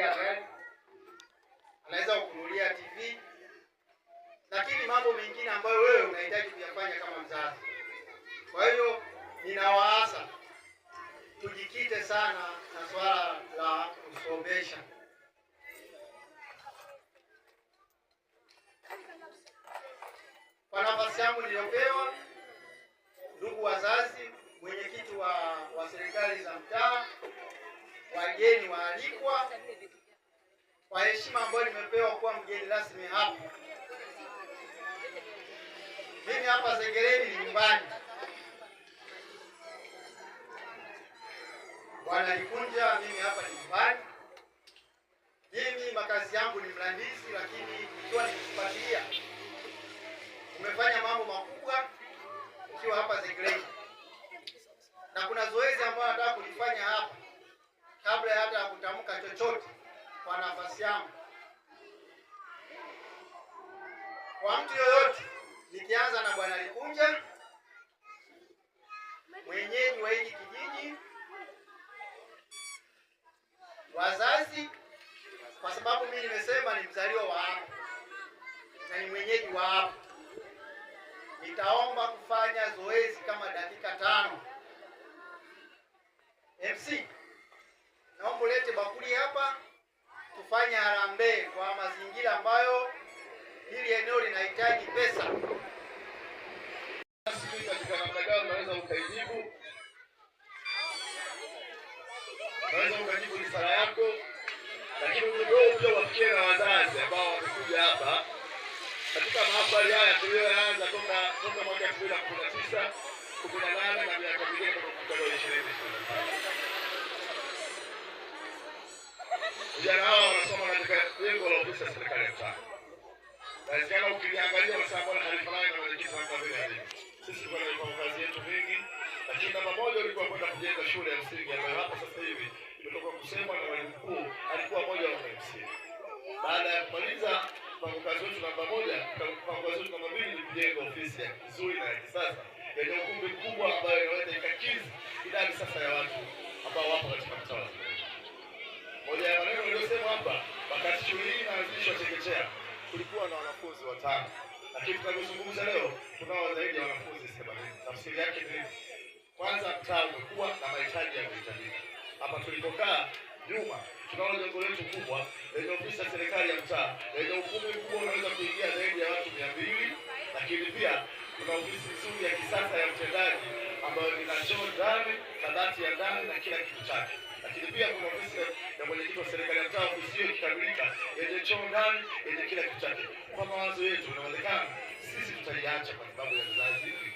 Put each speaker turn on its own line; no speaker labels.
kununulia gari, anaweza kukununulia TV, lakini mambo mengine ambayo wewe unahitaji kuyafanya kama mzazi. Kwa hiyo ninawaasa tujikite sana na swala la kusomesha. Kwa nafasi yangu niliyopewa, ndugu wazazi, mwenyekiti wa, wa serikali za mtaa wageni waalikwa, kwa heshima ambayo nimepewa kuwa mgeni rasmi hapa. Mimi hapa Sengereni ni nyumbani. Bwana mimi hapa ni nyumbani. Mimi makazi yangu ni Mlandizi, lakini ikiwa nikifuatilia kutamka chochote kwa nafasi yangu kwa mtu yoyote, nikianza na Bwana Likunja, mwenyeji wa hiki kijiji, wazazi, kwa sababu mimi nimesema ni mzaliwa wa hapa na ni mwenyeji wa hapa. Nitaomba kufanya zoezi kama dakika tano MC ulete bakuli hapa tufanye harambee kwa mazingira ambayo hili eneo linahitaji pesa.
Sijui katika namna gani unaweza ukaijibu, unaweza ukajibu risala yako, lakini ujumbe pia wafikie na wazazi ambao wamekuja hapa katika mahafali haya tuliyoanza toka toka mwaka 2019 18 na miaka mingine vijana hao wanasoma katika jengo la ofisi ya serikali ya mtaa. Na vijana ukiliangalia masaa mbona halifanani na mwenyekiti wa kambi ya leo. Sisi kwa kwa kazi yetu mingi, lakini namba moja ulikuwa kwenda kujenga shule ya msingi ambayo hapa sasa hivi imetoka kusema na mwalimu mkuu alikuwa moja wa msingi. Baada ya kumaliza mpango kazi wetu namba moja, mpango kazi wetu namba mbili ni kujenga ofisi ya nzuri na ya kisasa yenye ukumbi mkubwa ambayo inaweza ikakizi idadi sasa ya watu ambao wapo katika shuleni na wazilishi wa chekechea kulikuwa na wanafunzi watano, lakini tunavyozungumza leo kunao zaidi ya wanafunzi themanini. Tafsiri yake ni kwanza, mtaa umekuwa na mahitaji ya kuhitajika. Hapa tulipokaa nyuma, tunaona jengo letu kubwa lenye ofisi ya serikali ya mtaa lenye ukumbi mkubwa unaweza kuingia zaidi ya watu mia mbili, lakini pia kuna ofisi nzuri ya kisasa ya mtendaji ambayo ina choo ndani, kabati ya ndani na kila kitu chake, lakini pia kuna ofisi ilichomo ndani ina kila kitu chake. Kwa mawazo yetu, inawezekana sisi tutaiacha kwa sababu ya vizazi